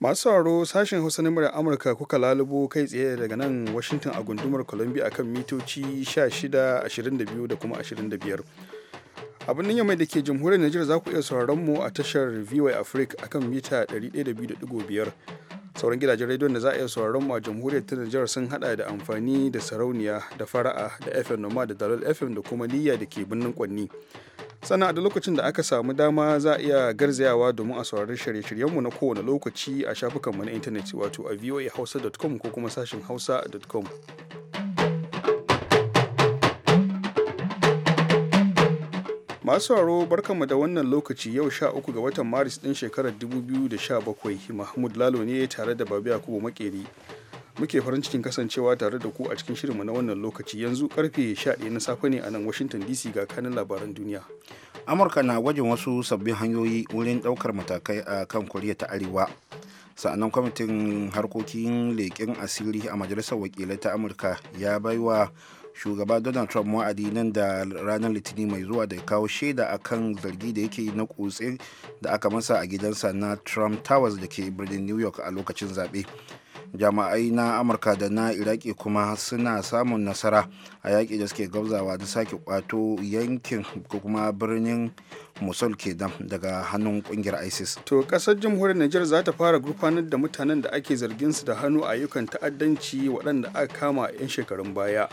masu sauraro sashen hausa na murar amurka kuka lalubo kai tsaye daga nan washington a gundumar columbia akan mitoci 16 22 da kuma 25 abin nan mai da ke jamhuriyar Najeriya za ku iya sauraron mu a tashar vy Africa akan mita 102.5 sauran gidajen rediyon da za a iya sauraron mu a jamhuriyar ta Nijar sun hada da amfani da sarauniya da fara'a da FM Noma da Dalol FM da kuma Niyya da ke birnin Kwanni. sana da lokacin da aka samu dama za a iya garzayawa domin a saurari shirye-shiryenmu na kowane lokaci a shafukanmu na intanet wato a voahausa.com ko kuma sashin hausa.com. masu haro barkanmu da wannan lokaci yau sha uku ga watan maris din shekarar 2017 mahmud lalo ne tare da babu yakubu makeri muke farin cikin kasancewa tare da ku a cikin shirinmu na wannan lokaci yanzu karfe 11 na safe ne a nan washington dc ga kanin labaran duniya amurka na gwajin wasu sabbin hanyoyi wurin daukar matakai a kan koriya ta arewa sa'annan kwamitin harkokin leƙen asiri a majalisar wakilai ta amurka ya baiwa shugaba donald trump wa'adi nan da ranar litinin mai zuwa da ya kawo shaida a kan zargi da yake na kutse da aka masa a gidansa na trump towers da ke birnin new york a lokacin zaɓe jama'ai na amurka da na iraki kuma suna samun nasara a yaƙi da suke gabzawa da sake kwato yankin ko kuma birnin mosul ke daga hannun kungiyar isis to kasar jamhuriyar niger za ta fara gurfanar da mutanen da ake zargin su da hannu ayyukan ta'addanci waɗanda aka kama 'yan shekarun baya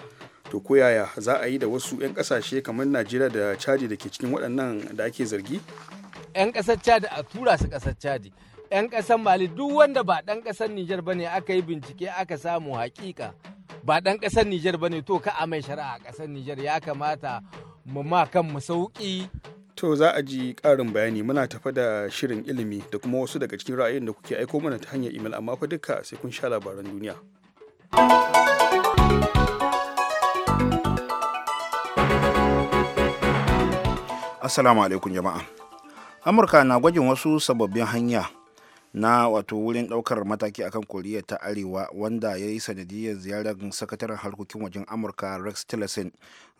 to ko yaya za a yi da wasu 'yan kasashe kamar najeriya da chadi da ke cikin waɗannan da ake zargi 'yan kasar chadi a tura su kasar chadi 'yan kasar mali duk wanda ba ɗan kasar nijar ba ne aka yi bincike aka samu hakika ba ɗan kasar nijar ba ne to ka a mai shari'a a kasar nijar ya kamata mu ma kan mu sauƙi To za a ji ƙarin bayani muna tafa da shirin ilimi da kuma wasu daga cikin ra'ayin da kuke aiko mana ta hanyar imel amma fa duka sai kun sha labaran duniya. assalamu alaikum jama'a amurka na gwajin wasu sababbin hanya na wato wurin daukar mataki akan koriya ta arewa wanda ya yi sanadiyar ziyarar sakataren harkokin wajen amurka rex tillerson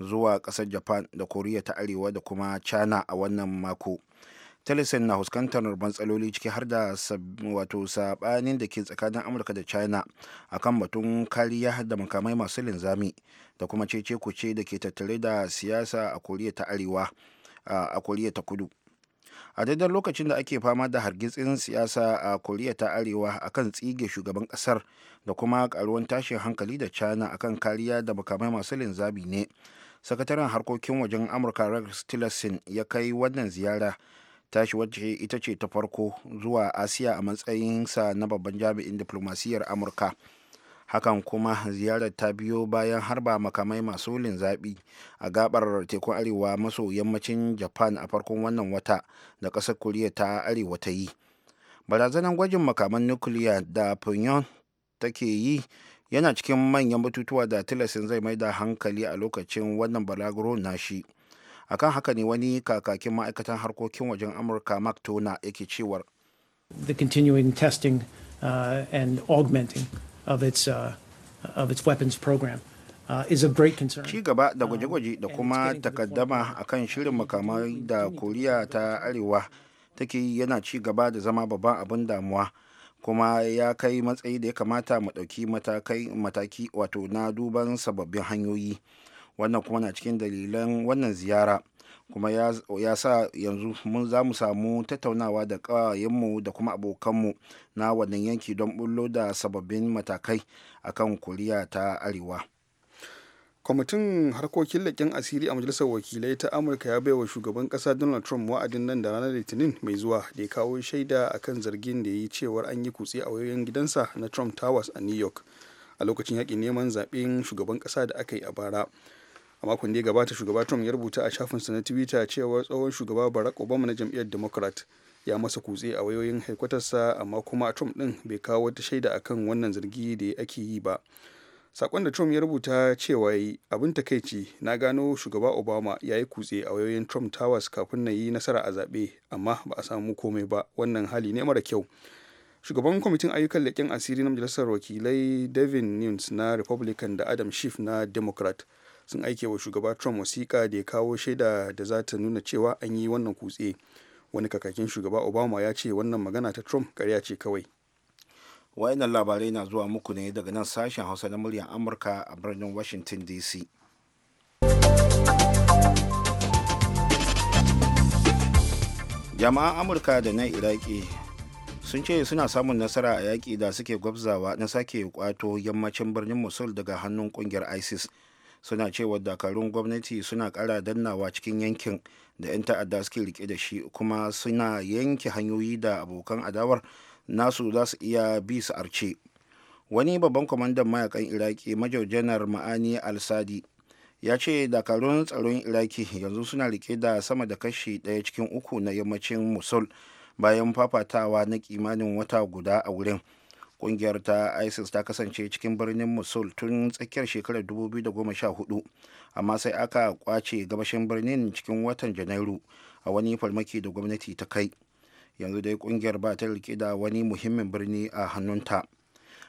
zuwa kasar japan da koriya ta arewa da kuma china a wannan mako tillerson na fuskantar matsaloli ciki har da wato sabanin da ke tsakanin amurka da china akan batun kariya da makamai masu linzami da kuma cece ce da ke tattare da siyasa a koriya ta arewa a koriya ta kudu a daidai lokacin da ake fama da hargitsin siyasa a koriya ta arewa akan tsige shugaban kasar da kuma karuwan tashin hankali da china akan kariya da makamai masu linzami ne sakataren harkokin wajen amurka rex tillerson ya kai wannan ziyara tashi wacce ita ce ta farko zuwa asiya a matsayinsa na babban jami'in diplomasiyyar amurka hakan kuma ziyarar ta biyo bayan harba makamai masu linzabi a gabar tekun arewa maso yammacin japan a farkon wannan wata da ƙasar koriya ta arewa ta yi barazanar gwajin makaman nukiliya da pyongyang take yi yana cikin manyan batutuwa da tilasin zai mai da hankali a lokacin wannan balaguro shi akan haka ne wani kakakin ma'aikatan harkokin wajen amurka mark tona yake cewar the continuing testing uh, and of its uh, of its weapons program. Uh, ci gaba da um, gwaje-gwaje da kuma takaddama akan shirin makamai da Koriya ta Arewa take yana ci gaba da zama babban abin damuwa kuma ya kai matsayi da ya kamata mu ɗauki mataki wato na duban sababbin hanyoyi. Wannan kuma na cikin dalilan wannan ziyara. kuma ya sa yanzu mun za mu samu tattaunawa da ƙawayenmu da kuma abokanmu na wannan yanki don bullo da sababbin matakai a kan koriya ta arewa kwamitin harkokin leƙen asiri a majalisar wakilai ta amurka ya baiwa shugaban ƙasa donald trump wa'adin nan da ranar litinin mai zuwa da ya kawo shaida kan zargin da ya yi cewar an yi kutse a wayoyin gidansa na trump towers a new york a lokacin yaƙin neman zaɓen shugaban ƙasa da aka yi a bara a makon da ya gabata shugaba trump ya rubuta a shafinsa na twitter cewa tsohon shugaba barack obama na jam'iyyar democrat ya masa kutse a wayoyin haikwatarsa amma kuma trump din bai kawo wata shaida akan wannan zargi da ake yi ba sakon da trump ya rubuta cewa yi abin takaici na gano shugaba obama ya yi kutse a wayoyin trump towers kafin na yi nasara a zaɓe amma ba a samu komai ba wannan hali ne mara kyau shugaban kwamitin ayyukan leƙen asiri na majalisar wakilai devin nunes na republican da adam schiff na democrat sun aike wa shugaba trump wasiƙa da ya kawo shaida da za ta nuna cewa an yi wannan kutse wani kakakin shugaba obama ya ce wannan magana ta trump karya ce kawai wayannan labarai na zuwa muku ne daga nan sashen hausa na muryar amurka a birnin washington dc jama'an amurka da na iraki sun ce suna samun nasara a yaƙi da suke gwabzawa na sake kwato yammacin birnin mosul daga hannun kungiyar isis suna cewa dakarun gwamnati suna kara dannawa cikin yankin da 'yan ta'adda suke rike da shi kuma suna yanke hanyoyi da abokan adawar nasu za su iya bi su arce wani babban kwamandan mayakan iraki major janar ma'ani al-sadi ya ce dakarun tsaron iraki yanzu suna rike da sama da kashi ɗaya cikin uku na yammacin musul bayan fafatawa na kimanin wata guda a wurin kungiyar ta isis ta kasance cikin birnin mosul tun tsakiyar shekarar 2014 amma sai aka kwace gabashin birnin cikin watan janairu a wani farmaki da gwamnati ta kai yanzu dai kungiyar ba ta rike da wani muhimmin birni a hannunta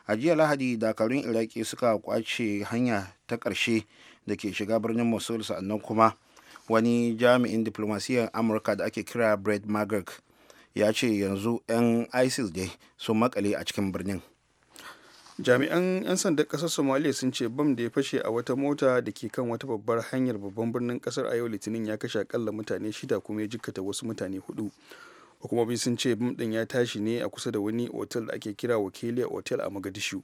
a jiya lahadi dakarun iraki suka kwace hanya ta ƙarshe da ke shiga birnin mosul sa'annan kuma wani jami'in diplomasiyyar amurka da ake kira brett magog ya ce yanzu 'yan isis dai sun makale a cikin birnin jami'an 'yan sandan kasar somaliya sun ce bam da ya fashe a wata mota da ke kan wata babbar hanyar babban birnin kasar a yau litinin ya kashe akalla mutane shida kuma ya jikkata wasu mutane hudu hukumomi sun ce bam din ya tashi ne a kusa da wani otel da ake kira wakiliya otel a magadishu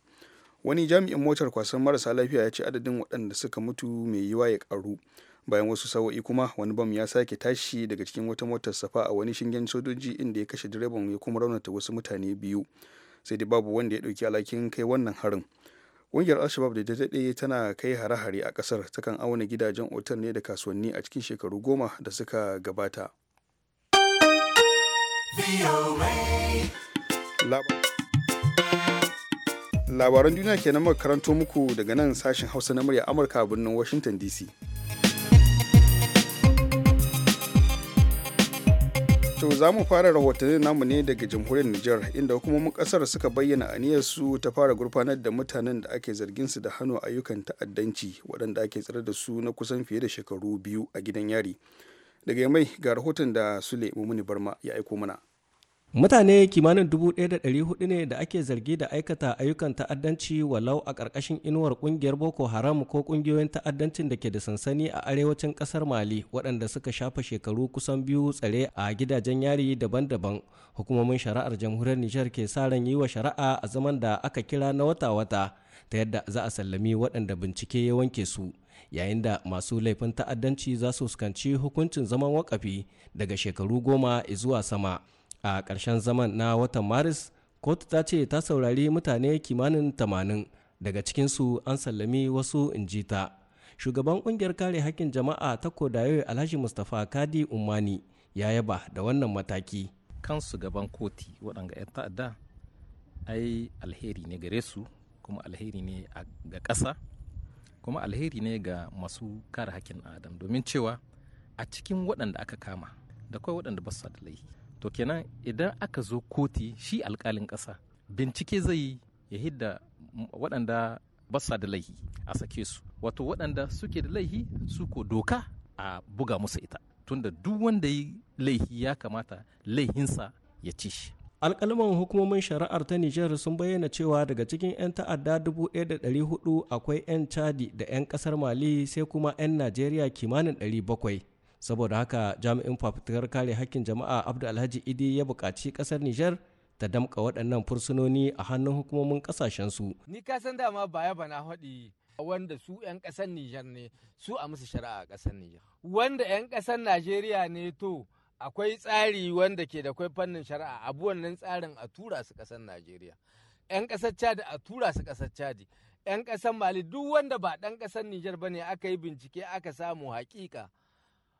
wani jami'in motar kwasan marasa lafiya ya ce adadin waɗanda suka mutu mai yiwa ya karu bayan wasu saoi kuma wani bam ya sake tashi daga cikin wata motar safa a wani shingen sojoji inda ya kashe direban ya kuma raunata wasu mutane biyu sai da babu wanda ya dauki alhakin kai wannan harin ƙungiyar alshabab da ta daɗe tana kai hare-hare a ƙasar takan auna gidajen otal ne da kasuwanni a cikin shekaru goma da suka gabata labaran duniya kenan makaranto muku daga nan sashen hausa na murya amurka a birnin washington dc To za mu fara rahotannin namu ne daga jamhuriyar Nijar inda hukumomin kasar suka bayyana aniyar su ta fara gurfanar da mutanen da ake zargin su da hannu ayyukan ta'addanci waɗanda ake tsare da su na kusan fiye da shekaru biyu a gidan yari. Daga mai ga rahoton da Sule Mumuni Barma ya aiko mana. Mutane kimanin 1,400 ne da ake zargi da aikata ayyukan ta'addanci walau a ƙarƙashin inuwar ƙungiyar Boko Haram ko ƙungiyoyin ta'addancin da ke da sansani a arewacin ƙasar Mali waɗanda suka shafa shekaru kusan biyu tsare a gidajen yari daban-daban. Hukumomin shari'ar jamhuriyar Nijar ke sa ran yi wa shari'a a zaman da aka kira na wata-wata ta yadda za a sallami waɗanda bincike ya wanke su. Yayin da masu laifin ta'addanci za su fuskanci hukuncin zaman wakafi daga shekaru goma zuwa sama. a ƙarshen zaman na watan maris kotu ta ce ta saurari mutane kimanin tamanin daga cikinsu an sallami wasu in ta shugaban ƙungiyar kare hakkin jama'a ta kodayo alhaji mustapha kadi umani ya yaba da wannan mataki kansu gaban koti waɗanga 'yan ta'adda ai alheri ne gare su kuma alheri ne ga ƙasa kuma alheri ne ga masu kare hakkin adam domin cewa a cikin waɗanda aka kama da kawai waɗanda ba su da laifi to kenan idan aka zo koti shi alkalin ƙasa bincike zai yi ya hidda waɗanda basa da laihi a sake su wato waɗanda suke da laihi su ko doka a buga musu ita tunda duk wanda yi laihi ya kamata laihinsa ya ci shi alkalman hukumomin shari'ar ta nijar sun bayyana cewa daga cikin 'yan ta'adda 1,400 akwai 'yan chadi da 'yan kasar mali sai kuma 'yan najeriya kimanin 700 saboda haka jami'in fafutukar kare hakkin jama'a abdu alhaji idi ya buƙaci ƙasar nijar ta damƙa waɗannan fursunoni a hannun hukumomin ƙasashensu ni ka san dama baya bana haɗi wanda su 'yan ƙasar nijar ne su a musu shari'a a ƙasar nijar wanda 'yan ƙasar najeriya ne to akwai tsari wanda ke da kwai fannin shari'a abu wannan tsarin a tura su ƙasar najeriya 'yan ƙasar chadi a tura su ƙasar chadi 'yan ƙasar mali duk wanda ba ɗan ƙasar nijar ba ne aka yi bincike aka samu haƙiƙa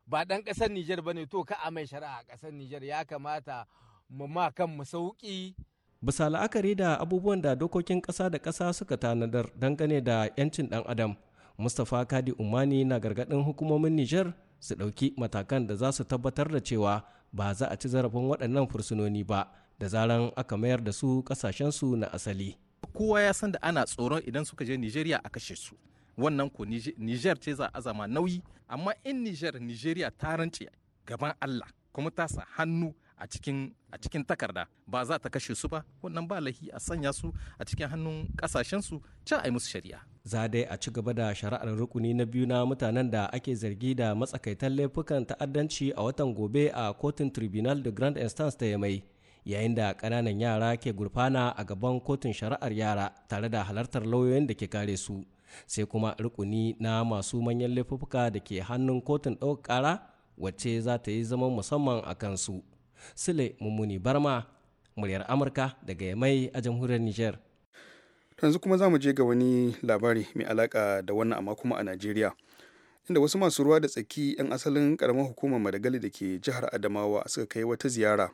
ba ɗan ƙasar Nijar ba ne to ka a mai shari'a a ƙasar Nijar ya kamata mu ma kan mu sauƙi. Bisa la'akari da abubuwan da dokokin ƙasa da ƙasa suka tanadar dangane da 'yancin ɗan adam, Mustapha Kadi Umani na gargaɗin hukumomin Nijar su ɗauki matakan da za su tabbatar da cewa ba za a ci zarafin waɗannan fursunoni ba da zaran aka mayar da su ƙasashensu na asali. Kowa ya san da ana tsoron idan suka je Nijeriya a kashe su. wannan ko niger ce za a zama nauyi amma in niger nigeria ta rance gaban allah kuma ta sa hannu a cikin a cikin takarda ba za ta kashe su ba wannan ba lahi a sanya su a cikin hannun kasashensu can a yi musu shari'a za dai a ci gaba da shari'ar rukuni na biyu na mutanen da ake zargi da matsakaitan laifukan ta'addanci a watan gobe a kotun tribunal de grand instance ta yamai yayin da kananan yara ke gurfana a gaban kotun shari'ar yara tare da halartar lauyoyin da ke kare su sai kuma rukuni na masu manyan laifuka da ke hannun kotun ɗaukar ƙara wacce za ta yi zaman musamman a kansu sule mummuni barma muryar amurka daga yamai a jamhuriyar niger yanzu kuma za mu je ga wani labari mai alaka da wannan amma kuma a najeriya inda wasu masu ruwa da tsaki 'yan asalin karamar hukumar madagali da ke jihar adamawa suka kai wata ziyara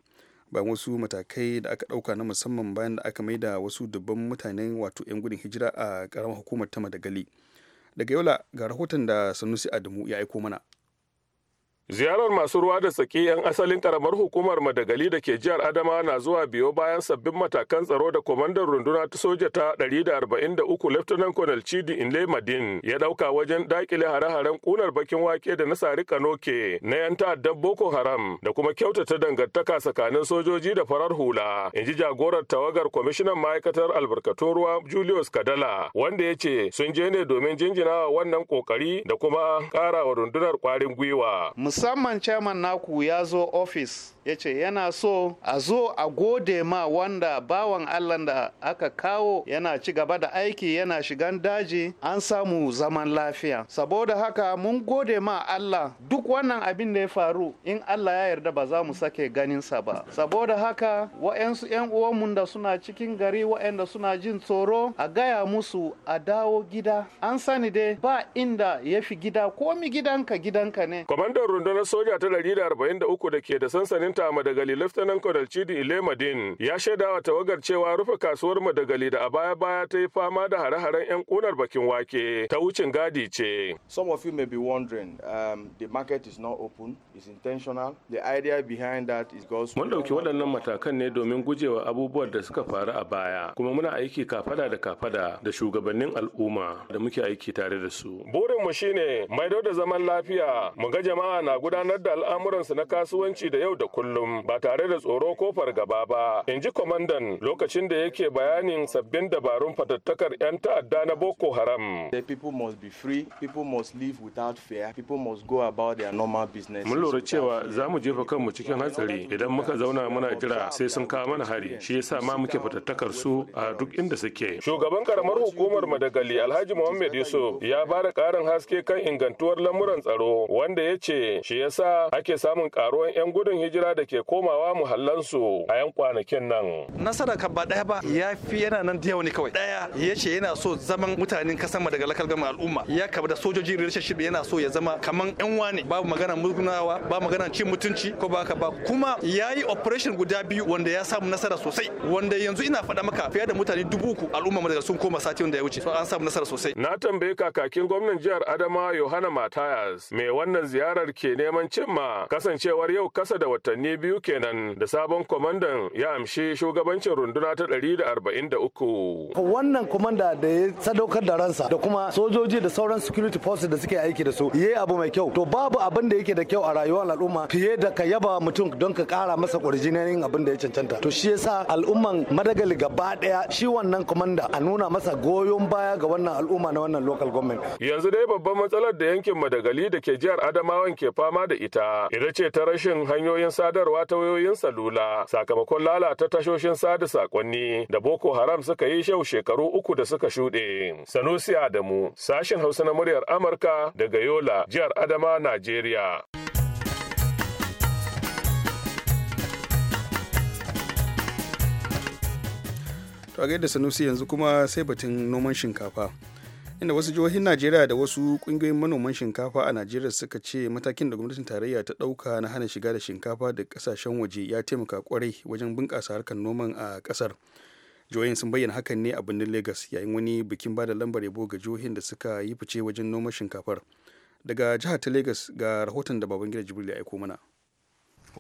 bayan wasu matakai da aka ɗauka na musamman bayan da aka maida wasu dubban mutanen wato 'yan gudun hijira a karamar hukumar ta madagali daga yola ga rahoton da sanusi adamu ya aiko mana Ziyarar masu ruwa da sake 'yan asalin karamar hukumar Madagali da ke jihar Adama na zuwa biyo bayan sabbin matakan tsaro da kwamandan runduna ta soja ta 143 Laftanan Colonel Chidi Inle Madin ya dauka wajen dakile hare-haren kunar bakin wake da na sari Kanoke na 'yan ta'addan Boko Haram da kuma kyautata dangantaka tsakanin sojoji da farar hula. In ji jagorar tawagar kwamishinan ma'aikatar albarkatun ruwa Julius Kadala wanda ya ce sun je ne domin jinjinawa wannan kokari da kuma karawa rundunar kwarin gwiwa. musamman chairman naku ya zo ofis ya ce yana so a zo a gode ma wanda bawan allah da aka kawo yana ci gaba da aiki yana shigan daji an samu zaman lafiya saboda haka mun gode ma allah duk wannan abin da ya faru in allah ya yarda ba za mu sake ganinsa ba saboda haka wa'yansu 'yan uwanmu da suna cikin gari wa'yanda suna jin tsoro a gaya musu a dawo gida an sani dai ba inda ya fi gida komi gidanka gidanka ne kwamandan rundunar soja ta 143 da ke da sansanin a Madagali Laftanan Colonel Chidi Ilemadin ya shaidawa tawagar cewa rufe kasuwar Madagali da a baya-baya ta yi fama da hare-haren 'yan kunar bakin wake ta wucin gadi ce. Some of you may be wondering, um, the market is not open, it's intentional. The idea behind that is God's Mun dauki waɗannan matakan ne domin gujewa abubuwan da suka faru a baya, kuma muna aiki kafada da kafada da shugabannin al'umma da muke aiki tare da su. Burinmu shine maido da zaman lafiya, mu ga jama'a na gudanar da al'amuransu na kasuwanci da yau da kullum ba tare da tsoro ko fargaba ba in ji kwamandan lokacin da yake bayanin sabbin dabarun fatattakar 'yan ta'adda na boko haram mun lura cewa za mu jefa kanmu cikin hatsari idan muka zauna muna jira sai sun kawo mana hari shi yasa ma muke fatattakar su a duk inda suke shugaban karamar hukumar madagali alhaji muhammad yusuf ya ba da karin haske kan ingantuwar lamuran tsaro wanda ya ce shi yasa ake samun karuwan 'yan gudun hijira da ke komawa muhallansu a 'yan kwanakin nan. Nasara ka ba daya ba ya fi yana nan da ne kawai. daya ya ce yana so zaman mutanen kasan daga lakal gama al'umma ya kaba da sojoji relationship yana so ya zama kaman 'yan wane babu magana murgunawa ba magana cin mutunci ko ba ba kuma ya yi operation guda biyu wanda ya samu nasara sosai wanda yanzu ina faɗa maka fiye da mutane dubu uku al'umma daga sun koma sati wanda ya wuce So an samu nasara sosai. Na tambayi kakakin gwamnan jihar Adama Yohana Matayas me wannan ziyarar ke ke neman cimma kasancewar yau kasa da watanni biyu kenan da sabon kwamandan ya amshi shugabancin runduna ta 143. Wannan kwamanda da ya sadaukar da ransa da kuma sojoji da sauran security forces da suke aiki da su yayi abu mai kyau to babu abin da yake da kyau a rayuwar al'umma fiye da ka yaba mutum don ka kara masa kwarjinin abin da ya cancanta to shi yasa al'umman madagali gaba daya shi wannan kwamanda a nuna masa goyon baya ga wannan al'umma na wannan local government yanzu dai babban matsalar da yankin madagali da ke jihar adamawan ke fama da ita ita ce ta rashin hanyoyin sadarwa ta wayoyin salula sakamakon lalata tashoshin sada saƙonni da Boko Haram suka yi shau shekaru uku da suka shuɗe. Sanusi Adamu, sashen Hausa na muryar Amurka daga Yola, jihar Adama, Najeriya. To gaida Sanusi yanzu kuma sai batun noman shinkafa. inda wasu jihohin najeriya da wasu kungiyoyin manoman shinkafa a najeriya suka ce matakin da gwamnatin tarayya ta dauka na hana shiga da shinkafa da kasashen waje ya taimaka kwarai wajen bunƙasa harkar noman a ƙasar jihohin sun bayyana hakan ne a birnin lagos yayin wani bikin bada lambar yabo ga jihohin da suka yi fice wajen noman shinkafar daga jihar ta lagos ga rahoton da babangida jibril ya aiko mana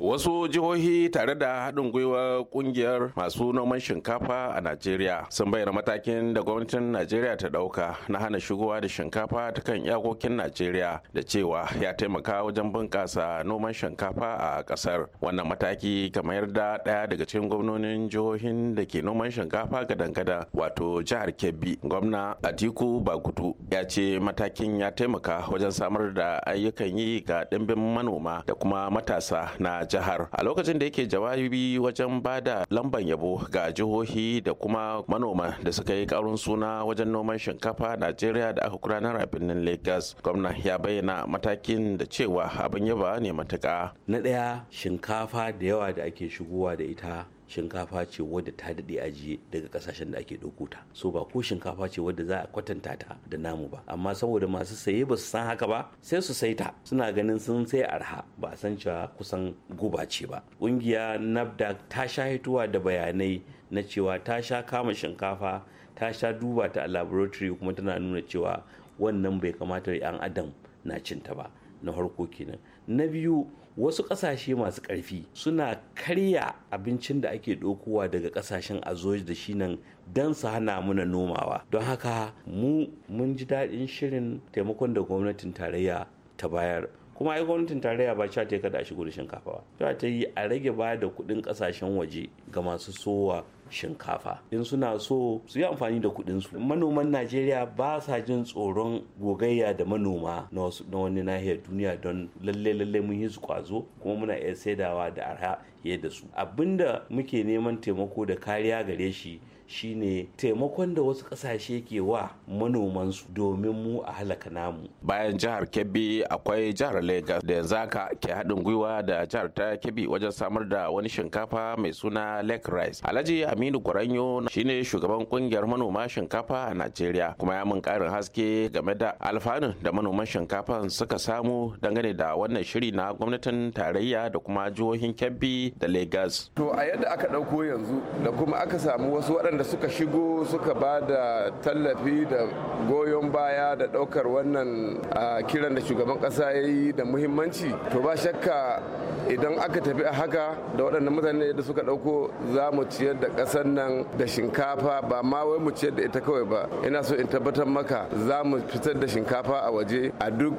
wasu jihohi tare da haɗin gwiwar ƙungiyar masu noman shinkafa a najeriya sun bayyana matakin da gwamnatin najeriya ta ɗauka na hana shigowa da shinkafa ta kan iyakokin najeriya da cewa ya taimaka wajen bunƙasa noman shinkafa a ƙasar wannan mataki kamar da ɗaya daga cikin gwamnonin jihohin da ke noman shinkafa gadan-gadan wato jihar kebbi gwamna atiku bagudu ya ce matakin ya taimaka wajen samar da ayyukan yi ga ɗimbin manoma da kuma matasa na jihar a lokacin da yake jawabi wajen bada lamban yabo ga jihohi da kuma manoma da suka yi karun suna wajen noman shinkafa najeriya da aka kudanar a birnin lagos gwamna ya bayyana matakin da cewa abin yaba ne matuka na ɗaya shinkafa da yawa da ake shigowa da ita shinkafa ce wadda ta daɗe ajiye daga ƙasashen da ake ɗauko ta so ba ko shinkafa ce wadda za a kwatanta ta da namu ba amma saboda masu saye ba su san haka ba sai su saita suna ganin sun sai arha ba san cewa kusan guba ce ba ƙungiya nabda ta sha hituwa da bayanai na cewa ta sha kama shinkafa ta sha duba ta a laboratory kuma tana nuna cewa wannan bai kamata 'yan adam na cinta ba na farko kenan na biyu wasu kasashe masu karfi suna karya abincin da ake dokowa daga kasashen azoji da shi nan don su hana muna nomawa don haka mu mun ji daɗin shirin taimakon da gwamnatin tarayya ta bayar kuma ai gwamnatin tarayya ba ta yi kada a shigo da shinkafa ba ta yi a rage ba da kuɗin ƙasashen waje ga masu sowa shinkafa in suna so su yi amfani da kuɗin su manoman najeriya ba sa jin tsoron gogayya da manoma na wasu na wani nahiyar duniya don lalle lalle mun yi su kwazo kuma muna iya saidawa da arha fiye da su abinda muke neman taimako da kariya gare shi shine taimakon da wasu ƙasashe ke wa manomansu domin mu a halaka namu bayan jihar kebbi akwai jihar Legas. da yanzu haka ke haɗin gwiwa da jihar ta kebbi wajen samar da wani shinkafa mai suna lake rice alhaji aminu kwaranyo shine shugaban kungiyar manoma shinkafa a najeriya kuma ya mun ƙarin haske game da alfanun da manoman shinkafa suka samu dangane da wannan shiri na gwamnatin tarayya da kuma jihohin kebbi da legas. to a yadda aka ɗauko yanzu da kuma aka samu wasu waɗanda waɗanda suka shigo suka ba da tallafi da goyon baya da ɗaukar wannan kiran da shugaban ƙasa ya yi da muhimmanci to ba shakka idan aka tafi a haka da waɗanda mutane da suka ɗauko za mu ciyar da ƙasar nan da shinkafa ba ma wai mu ciyar da ita kawai ba ina so in tabbatar maka za mu fitar da shinkafa a waje a duk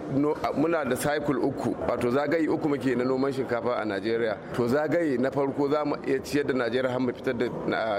muna da cycle uku wato zagaye uku muke na noman shinkafa a najeriya to zagaye na farko za mu iya ciyar da najeriya har mu fitar da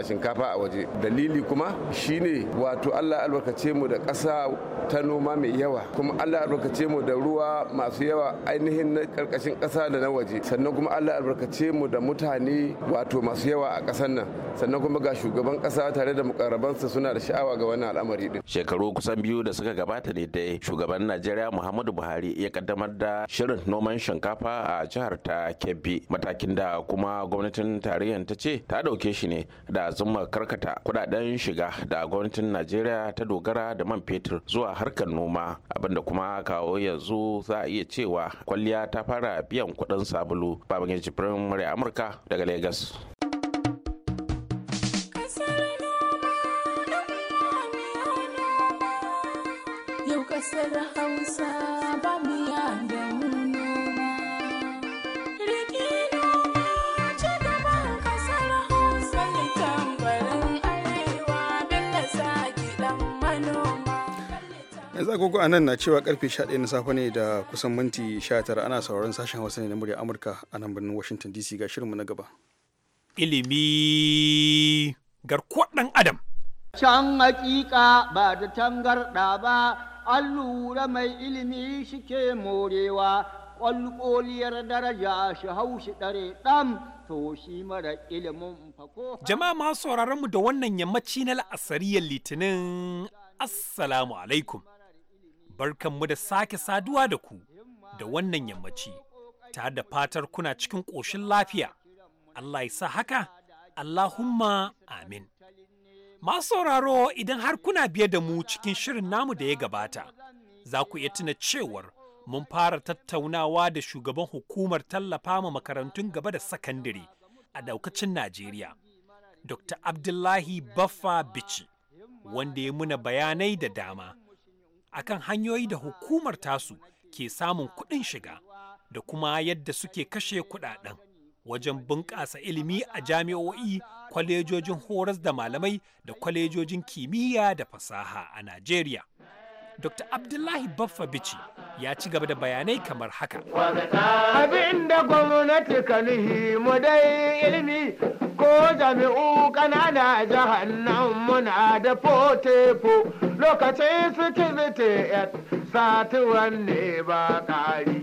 shinkafa a waje dalili kuma shine wato allah albarkace mu da ƙasa ta noma mai yawa kuma allah albarkace mu da ruwa masu yawa ainihin na ƙarƙashin ƙasa da na waje sannan kuma allah albarkace mu da mutane wato masu yawa a ƙasar nan sannan kuma ga shugaban ƙasa tare da mukarabansa suna da sha'awa ga wannan al'amari din shekaru kusan biyu da suka gabata ne dai shugaban najeriya muhammadu buhari ya kaddamar da shirin noman shinkafa a jihar ta kebbi matakin da kuma gwamnatin tarayyar ta ce ta dauke shi ne da zuma karkata kudaden shiga da gwamnatin najeriya ta dogara da man fetur zuwa harkar noma abinda kuma kawo yanzu za a iya cewa kwalliya ta fara biyan kudin sabulu babangin jibirin murya amurka daga lagos Yau ƙasar Hausa yanzu agogo a nan na cewa karfe 11 na safe ne da kusan minti 19 ana sauraron sashen hausa ne na murya amurka a nan birnin washington dc ga shirinmu na gaba ilimi garkuwar dan adam can hakika ba da tangarda ba allura mai ilimi shike morewa kwalkoliyar daraja shi haushi dare dam to shi mara ilimin fako jama'a masu sauraron mu da wannan yammaci na la'asariyar litinin assalamu alaikum barkanmu da sake saduwa da ku da wannan yammaci, ta da fatar kuna cikin ƙoshin lafiya. Allah ya sa haka, Allahumma amin. Masu sauraro idan har kuna biye da mu cikin shirin namu da ya gabata, za ku iya tuna cewar mun fara tattaunawa da shugaban hukumar tallafa ma makarantun gaba da sakandare a daukacin Najeriya, Dr. Abdullahi Baffa bici wanda ya muna bayanai da dama akan hanyoyi da hukumar tasu ke samun kuɗin shiga da kuma yadda suke kashe kuɗaɗen wajen bunƙasa ilimi a jami'o'i kwalejojin horas da malamai da kwalejojin kimiyya da fasaha a Najeriya. Dr. Abdullahi Baffa bici ya ci gaba da bayanai kamar haka. abin da gwamnati ka mu dai ilimi ko jami'u ƙanana jahannan muna da potepo lokacin sikiliti sati ne ba ƙari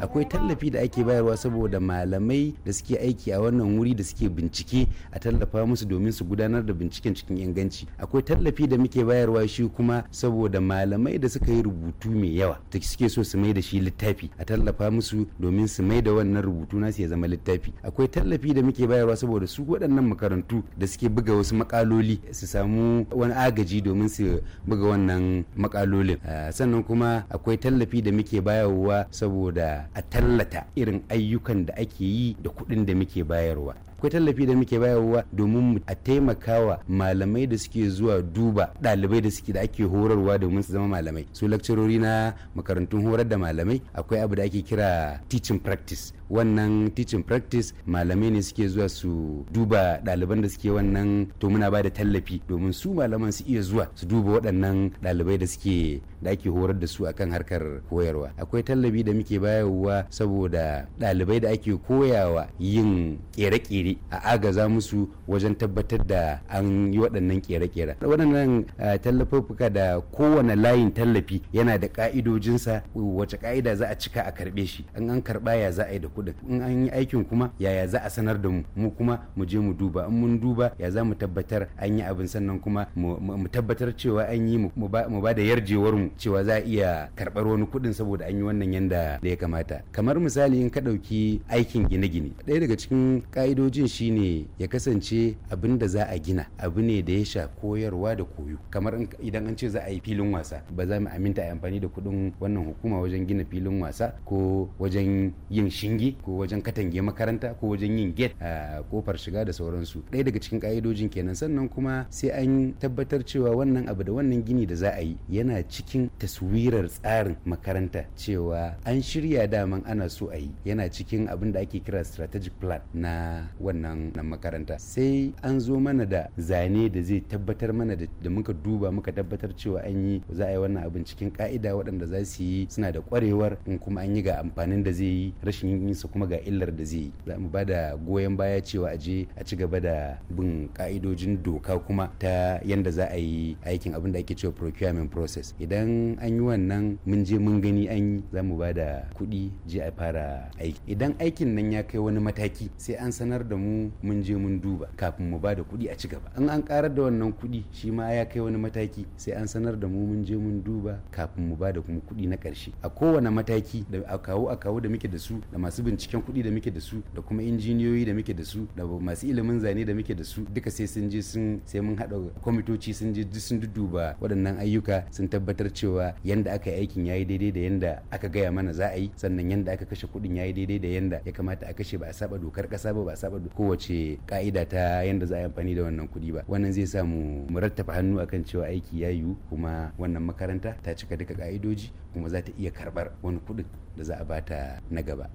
akwai tallafi da ake bayarwa saboda malamai da suke aiki a wannan wuri da suke bincike a tallafa musu domin su gudanar da binciken cikin inganci akwai tallafi da muke bayarwa shi kuma saboda malamai da suka yi rubutu mai yawa da suke so su mai da shi littafi a tallafa musu domin su mai da wannan rubutu nasu ya zama littafi akwai tallafi da muke bayarwa saboda su waɗannan makarantu da suke buga wasu makaloli su samu wani agaji domin su buga wannan makalolin ah, sannan kuma akwai tallafi da muke bayarwa saboda a tallata irin ayyukan da ake yi da kuɗin da muke bayarwa akwai tallafi da muke bayarwa domin a taimakawa malamai da suke zuwa duba ɗalibai da suke da ake horarwa domin su zama malamai su lakcarori na makarantun horar da malamai akwai abu da ake kira teaching practice wannan teaching practice malamai ne suke zuwa su duba ɗaliban da suke wannan to muna ba da tallafi domin su malaman su iya zuwa su duba waɗannan ɗalibai da suke da ake horar da su akan harkar koyarwa akwai tallafi da muke bayarwa saboda ɗalibai da ake koyawa yin kere-kere. a agaza musu wajen tabbatar da an yi waɗannan kere-kere waɗannan eh, tallafafuka da kowane layin tallafi yana da ƙa'idojinsa wace ƙa'ida za a cika a karɓe shi in an karɓa ya za a yi da kuɗin in an yi aikin kuma yaya za a sanar da mu mu kuma mu je mu duba in mun duba ya za mu tabbatar an yi abin sannan kuma mu tabbatar cewa an yi mu ba da yarjewar mu cewa za a iya karɓar wani kuɗin saboda an yi wannan yanda da ya kamata kamar misali in ka ɗauki aikin gine-gine ɗaya daga cikin ƙa'idoji. shi ne ya kasance abin da za a gina abu ne da ya sha koyarwa da koyo kamar idan an ce za a yi filin wasa ba za mu aminta a amfani da kuɗin wannan hukuma wajen gina filin wasa ko wajen yin shinge ko wajen katange makaranta ko wajen yin gate a kofar shiga da sauransu ɗaya daga cikin ƙa'idojin kenan sannan kuma sai an tabbatar cewa wannan abu da wannan gini da za a yi yana cikin taswirar tsarin makaranta cewa an shirya daman ana so a yi yana cikin abin da ake kira strategic plan na wannan makaranta sai an zo mana da zane da zai tabbatar mana da muka duba muka tabbatar cewa an yi za a yi wannan abin cikin ka'ida waɗanda za su yi suna da kwarewar in kuma an yi ga amfanin da zai yi rashin yin kuma ga illar da zai yi za mu bada goyon baya cewa a je a ci gaba da bin ka'idojin doka kuma ta yanda za a yi aikin abin da ake cewa procurement process idan an yi wannan mun je mun gani an yi za mu bada kuɗi je a fara aiki idan aikin nan ya kai wani mataki sai an sanar da mu mun je mun duba kafin mu ba da kuɗi a ci gaba in an karar da wannan kuɗi shi ma ya kai wani mataki sai an sanar da mu mun je mun duba kafin mu bada kuma kuɗi na ƙarshe a kowane mataki da a kawo a kawo da muke da su da masu binciken kuɗi da muke da su da kuma injiniyoyi da muke da su da masu ilimin zane da muke da su duka sai sun je sun sai mun haɗa kwamitoci sun je sun duduba waɗannan ayyuka sun tabbatar cewa yanda aka yi aikin ya yayi daidai da yanda aka gaya mana za a yi sannan yanda aka kashe kuɗin ya yayi daidai da yanda ya kamata a kashe ba a saba dokar ƙasa ba ba a saba kowace ka'ida ta yadda za a yi amfani da wannan kuɗi ba wannan zai samu mu rattafa hannu akan cewa aiki ya yiwu kuma wannan makaranta ta cika duka ka'idoji kuma za ta iya karɓar wani kuɗin da za a bata na gaba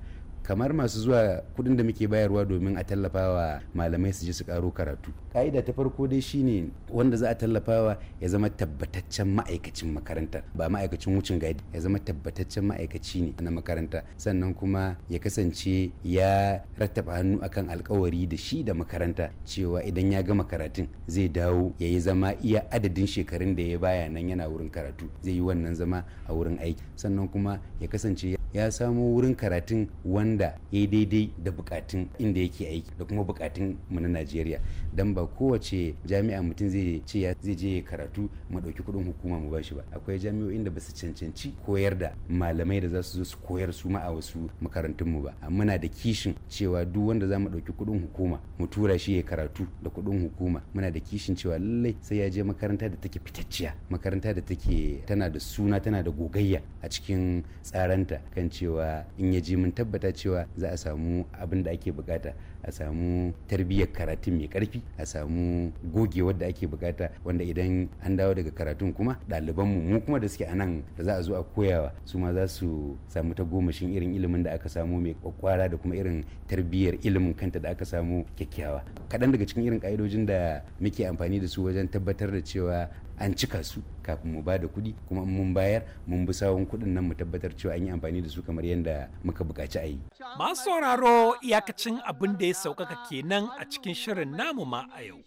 kamar masu zuwa kuɗin da muke bayarwa domin a tallafa wa malamai su je su karo karatu ka'ida ta farko dai shine wanda za a tallafawa ya zama tabbataccen ma'aikacin makarantar ba ma'aikacin wucin gadi ya zama tabbataccen ma'aikaci ne na makaranta sannan kuma ya kasance ya rattaba hannu akan alkawari da shi da makaranta cewa idan ya gama karatun zai dawo ya yi zama iya adadin shekarun da ya baya nan yana wurin karatu zai yi wannan zama a wurin aiki sannan kuma ya kasance ya samo wurin karatun wanda wanda ya daidai da bukatun inda yake aiki da kuma bukatun mu na Najeriya dan ba kowace jami'a mutum zai ce ya zai je karatu mu dauki kudin hukuma mu bashi ba akwai jami'o'in da basu cancanci koyar da malamai da za su zo su koyar su ma a wasu makarantun mu ba muna da kishin cewa duk wanda za mu dauki kudin hukuma mu tura shi ya karatu da kudin hukuma muna da kishin cewa lallai sai ya je makaranta da take fitacciya makaranta da take tana da suna tana da gogayya a cikin tsaranta kan cewa in ya je mun tabbata cewa za a samu abin da ake bukata a samu tarbiyyar karatun mai karfi a samu gogewar da ake bukata wanda idan an dawo daga karatun kuma ɗaliban mu kuma da suke a nan da za a zo a koyawa su ma za su samu ta gomashin irin ilimin da aka samu mai kwakwara da kuma irin tarbiyyar ilimin kanta da aka samu kyakkyawa kaɗan daga cikin irin ƙa'idojin da muke amfani da su wajen tabbatar da cewa an cika su kafin mu bada kuɗi kuma mun bayar mun bi sawun kuɗin nan mu tabbatar cewa an yi amfani da su kamar yadda muka buƙaci a yi. Masu sauraro iyakacin abin da ya sauƙaƙa kenan a cikin shirin namu ma a yau.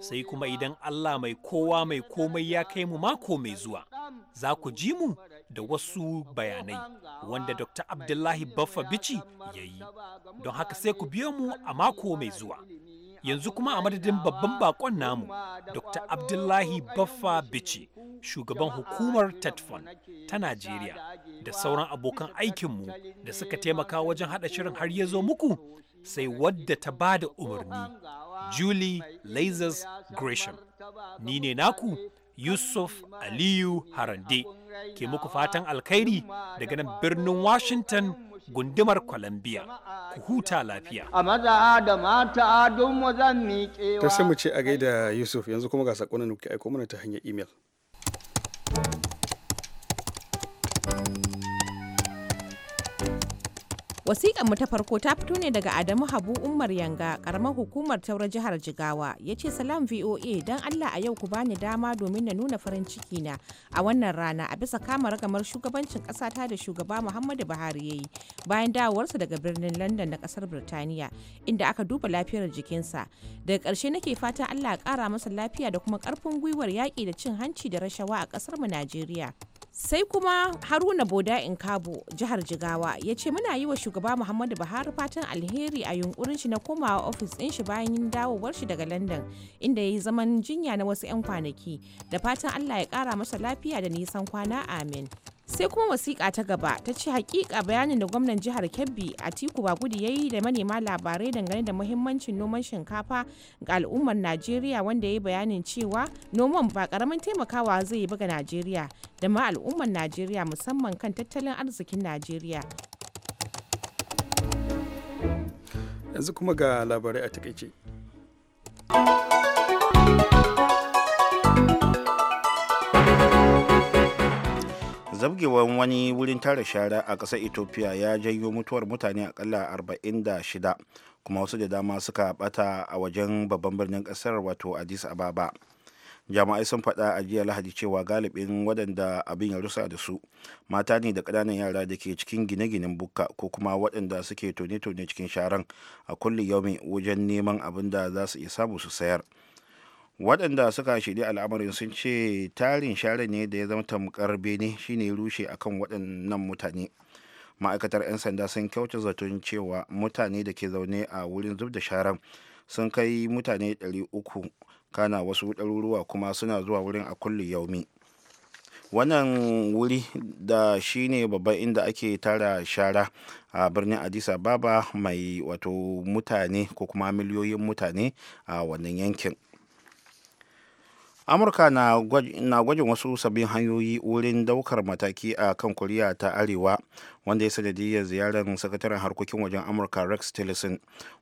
Sai kuma idan Allah mai kowa mai komai ya kai mu mako mai zuwa, za ku ji mu da wasu bayanai wanda Dr. Abdullahi Baffa Bici ya yi. Don haka sai ku biyo mu a mako mai zuwa. yanzu kuma a madadin babban bakon namu dr abdullahi baffa bici shugaban hukumar tetfon ta najeriya da sauran abokan aikinmu da suka taimaka wajen haɗa shirin har ya zo muku sai wadda ta ba da umarni julie lazars gresham ni ne naku yusuf aliyu harande ke muku fatan alkhairi daga nan birnin washington gundumar kwalambiya Ku huta lafiya. A maza da mata don mu zan miƙewa. Ta sai mu ce a gaida Yusuf yanzu kuma ga saƙonin da kuke aiko mana ta hanyar imel. Wasiƙar mu ta farko ta fito ne daga Adamu Habu Umar Yanga, karamar hukumar Taura jihar Jigawa. yace ce salam VOA don Allah a yau ku bani dama domin na nuna farin ciki na a wannan rana a bisa kama ragamar shugabancin ƙasata da shugaba Muhammadu Buhari ya yi bayan dawowarsa daga birnin London na ƙasar Birtaniya inda aka duba lafiyar jikinsa. Daga ƙarshe nake fatan Allah ya ƙara masa lafiya da kuma ƙarfin gwiwar yaƙi da cin hanci da rashawa a ƙasar mu Najeriya. sai kuma haruna boda in kabo jihar jigawa ya ce muna yi wa shugaba muhammadu buhari fatan alheri a yunkurin shi na komawa ofis din shi bayan dawowar shi daga london inda ya yi zaman jinya na wasu 'yan kwanaki da fatan allah ya kara masa lafiya da nisan kwana amin sai kuma wasiƙa ta gaba ta ce haƙiƙa bayanin da gwamnan jihar kebbi a tiku bagudi ya yi da manema labarai dangane da muhimmancin noman shinkafa ga al'ummar najeriya wanda ya yi bayanin cewa noman ba karamin taimakawa zai yi ga najeriya da ma al'ummar najeriya musamman kan tattalin arzikin najeriya yanzu kuma ga labarai a takaice. zabgewar wani wurin tara shara a ƙasar ethiopia ya janyo mutuwar mutane akalla 46 kuma wasu da dama suka bata a wajen babban birnin ƙasar wato addis ababa jama'ai sun faɗa a jiya lahadi cewa galibin waɗanda abin ya rusa da su mata ne da ƙananan yara da ke cikin gine-ginen bukka ko kuma waɗanda suke tone-tone cikin sharan a kulli yaumi wajen neman abin da za su iya samu su sayar waɗanda suka shirya al'amarin sun ce tarin share ne da ya zama tamkar bene shine rushe akan waɗannan mutane ma'aikatar 'yan sanda sun kyauta zaton cewa mutane da ke zaune a wurin zub da sharan sun kai mutane 300 kana wasu ɗaruruwa kuma suna zuwa wurin a kulli yaumi wannan wuri da shine babban inda ake tara shara a birnin addis ababa mai wato mutane ko kuma miliyoyin mutane a wannan yankin amurka na gwajin wasu sabbin hanyoyi wurin daukar mataki a kan kuriya ta arewa wanda ya sanadiyar ziyarar sakataren harkokin wajen amurka rex tillerson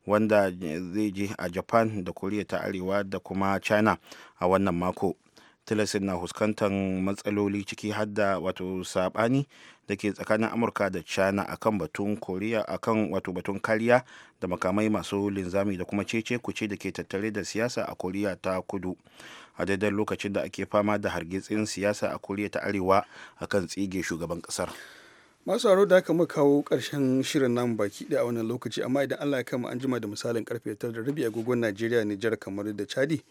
wanda zai je a japan da kuriya ta arewa da kuma china a wannan mako tillerson na fuskantar matsaloli ciki har wato sabani da ke tsakanin amurka da china akan batun koriya akan wato batun kariya da makamai masu linzami da kuma cece kuce da ke tattare da siyasa a koriya ta kudu a daidai lokacin da ake fama da hargitsin siyasa a koriya ta arewa akan tsige shugaban kasar masu haro da aka muka kawo karshen shirin nan baki da a wannan lokaci amma idan allah ya kama an jima da misalin karfe tar da rabi agogon najeriya nijar kamar da chadi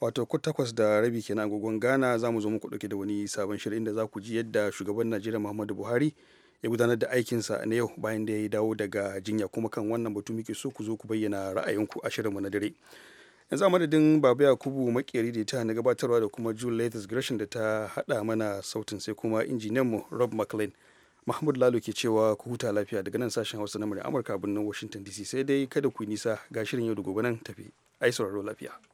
wato ku takwas da rabi kenan agogon ghana za mu zo muku dauke da wani sabon shirin da za ku ji yadda shugaban najeriya muhammadu buhari ya gudanar da aikinsa na yau bayan da ya yi dawo daga jinya kuma kan wannan batu muke so ku zo ku bayyana ra'ayinku a shirinmu na dare yanzu a madadin baba yakubu makeri da ta na gabatarwa da kuma jule latest gresham da ta haɗa mana sautin sai kuma injiniyan mu rob mclean mahmud lalo ke cewa ku huta lafiya daga nan sashen hausa na murya amurka birnin washington dc sai dai kada ku yi nisa ga shirin yau da gobe nan tafi ai sauraro lafiya